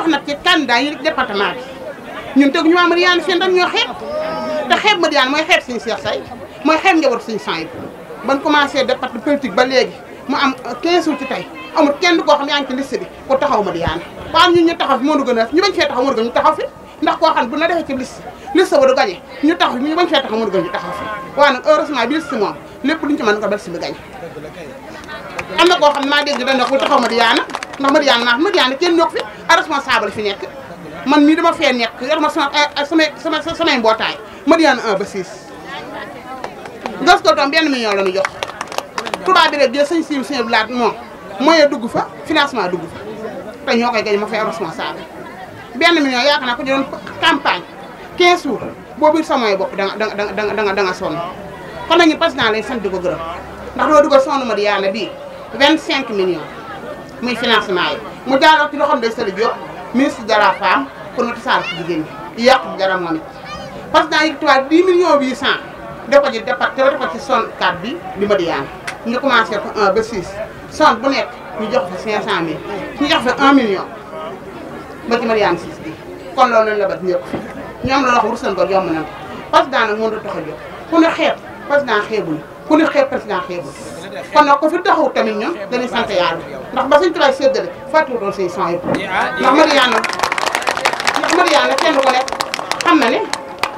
wax nag ci candidat yi rek département bi ñun tok ñu am riyan seen dañ ñoo da xépp ma diyan moy xépp seigne Cheikh Say moy xépp njabootu suñu sang yi ban commencé département politique ba légui mu am 15 jours ci tay amul kenn ko xam ne ci liste bi ko taxaw ma Mariane waaw ñun ñu taxaw fi mënu gën a ñu bañ fi taxaw mo gën ñu taxaw fi ndax ko xam bu na defee ci liste liste ba du gañe ñu taxaw ñu bañ fi taxaw mo gën gëna taxaw fi wa nak heureusement bi liste moom lepp luñ ci man ko bel si bi gañe amna ko xam ma dégg dañ ne ko taxaw ma diyan ndax Mariane naax Mariane kenn ñoo fi a responsable fi nekk man mii dama fee nekk yor ma sama eh, eh, samay sama samay mbootaay Mariane 1 ba 6. Gasko tam benn million la ñu jox tubaab bi rek jël sëñ Siim sëñ Blaat moom moyen dugg fa financement dugg fa te ñoo koy gañ ma fay responsable benn million yaakaar naa ko ñu doon campagne 15 jours boo biir sa moyen bopp da nga da nga da nga da nga da nga sonn kon nag ñu président lay sant di ko gërëm ndax doo dugal sonn Mariane bii 25 millions. muy financement yi mu jaaroo ci loxoom day Sëriñ Diop ministre de la femme pour nu tasaare ci jigéen ñi yàq bi dara moom it. parce que dañuy tuwaat 10 millions 800 def ko ci départ ci zone 4 bi di Madiyana ñu commencé ko 1 ba 6 zone bu nekk ñu jox ko 500000 ñu jox ko 1 million ba ci Madiyana 6 bi kon loolu lañ la bat ñëpp ñoom la wax wut seen bopp yomb na ko parce que daanaka mënut a tax a jóg ku ne xeeb parce que daan xeebul. ku nit xeeb président xeebul kon nag ko fi taxaw tamit ñun dañuy sant yàlla ndax ba suñ tubaab séddale fàttewu doon say son yëpp ndax Mariana ndax Mariana kenn ko xam na ne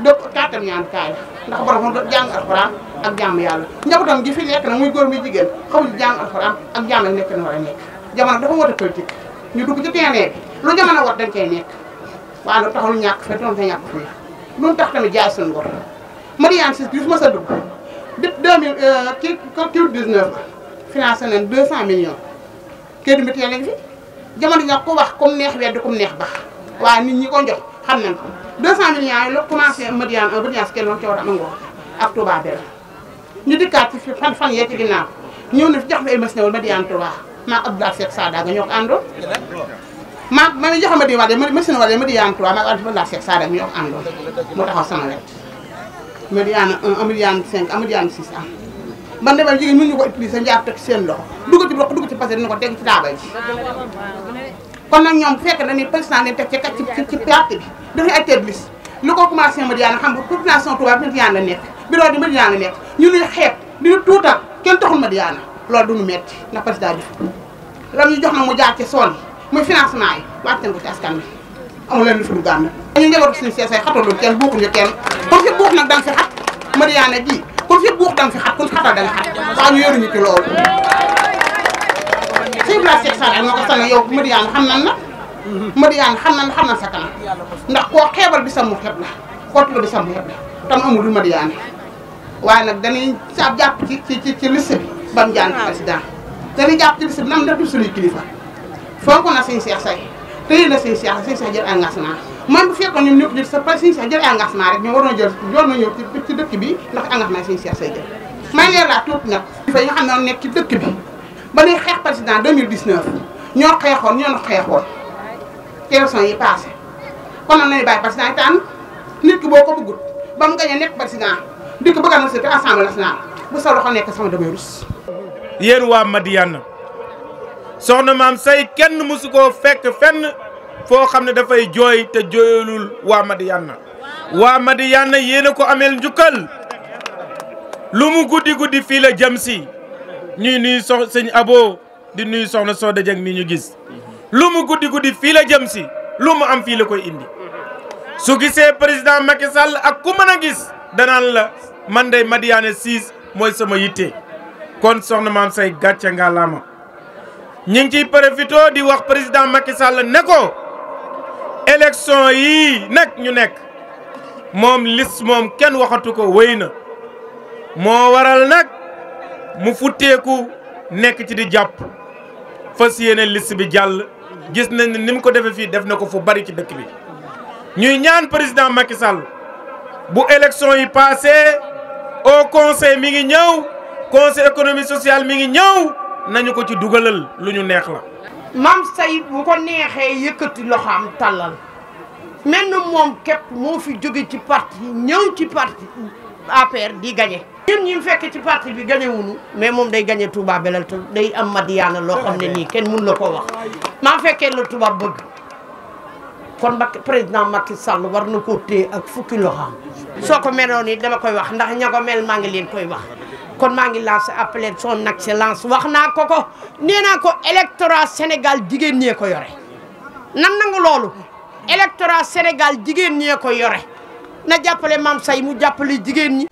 dëpp kàttan ñaan kaay ndax borom jàng alxuraan ak jàmm yàlla njabootam gi fi nekk nag muy góor muy jigéen xamuñu jàng alxuraan ak jàmm nekk na war a nekk jamono dafa woote politique ñu dugg ci teenee bi lu jamono war dañ cay nekk waaye nag taxul ñàkk fe doon ta ñàkk fii lu tax tamit jaay suñu ngor Mariana si gis ma sa dugg deux mille euh, ci Covid 19 ba financé nañ deux cent millions crédit mutuel lañ fi jamono nag ku wax comme neex wedd comme neex ba waaye nit ñi ko jox xam nañ ko deux cent millions yi la commencé Madiane euh, un Madiane kenn doon ca war a amangoo ak Touba Bel ñu dikkaat ci fan fan yee ci ginnaaw na fi jox ma ay machine wala Madiane Touba maa ñoo ko ma jox ma di wax de machine wala Madiane Touba maa Abdoulaye Seck Sadaga ñoo ko àndoon moo taxaw sama wet Méridiane 1 Méridiane 5 Méridiane 6 am man demal jigéen mën ñu ko utiliser njaab teg seen nga population Touba Méridiane la nekk bureau di Méridiane la nekk ñu nuy xeeb di ñu jox na mu jaar ci sool yi muy financement yi waat teen ko ci askan bi amul leen lu fi duggaan nag dañu njabootu suñu seesay xatalul kenn buuxuñu kenn kon fi buux nag danga si bla seeg sara moo ko sana yow Mariana xam nan na Mariana xam nan xam nan sa kanam ndax koo xeebal bi sa mu xeeb la xootu la bi sa mu xeeb la tam amul lu Mariana waaye nag dañuy sa jàpp ci ci ci liste bi bam jaan président jàpp ci liste nam def du suñuy kilifa fonk na suñu seesay téye na sëñ Cheikh sëñ Cheikh jël engagement man bu fekkoon ñoom ñëpp jël sa pa sëñ Cheikh jël engagement rek ñoom war na jël yoon na ñëw ci dëkk bi ndax engagement sëñ Cheikh say jël maa ngi laa tuuti nag fa yi nga xam ci dëkk bi ba ñuy xeex président 2019 ñoo xeexoon ñoo na xeexoon élection yi passé kon nag nañu bàyyi président yi tànn nit ki boo ko bëggut ba mu gañe président di ko bëgg a na assemblée nationale bu sa loxo nekk sama damay rus yéen waa Madiane soxna maam say kenn mosu koo fekk fenn foo xam ne dafay jooy te jooyalul waa Madiyaana waa Madiyaana yéen ko ameel njukkal lu mu guddi guddi fii la jëm si ñuy nuyu sox sëñ Abo di nuy soxna Soda Dieng mi ñu gis lu mu guddi guddi fii la jëm si lu mu am fii la koy indi su gisee président Macky sàll ak ku mën gis danaan la man day Madiyaana siis mooy sama yitte kon soxna maam say gàcce nga laama ñu ngi ciy profité di wax président Macky Sall ne ko élection yii nag ñu nekk moom list moom kenn waxatu ko wéy na moo waral nag mu futteeku nekk ci di jàpp fas yéene list bi jàll gis nañ ne ni mu ko defee fii def na ko fu bari ci dëkk bi ñuy ñaan président Macky Sall bu élection yi passé au conseil mi ngi ñëw conseil économique social mi ngi ñëw nañu ko ci dugalal lu ñu neex la. maam say bu ko neexee yëkkati loxoom tàllal mel na moom képp moo fi jóge ci parti ñëw ci parti APR di gagné. ñun ñi fekk ci parti bi gagné wuñu mais moom day gagné Touba Belel te day am Madiana loo xam ne nii kenn mun la ko wax maa fekkee la Touba bëgg kon Macky président Macky Sall war na koo téye ak fukki loxoom. soo ko meloon it dama koy wax ndax ña mel maa ngi leen koy wax. kon maa ngi lancé appelé son excellence wax naa ko ko nee naa ko électorat Sénégal jigéen ñee ko yore nan nangu loolu électorat Sénégal jigéen ñee ko yore na jàppale Mame Saye mu jàppale jigéen ñi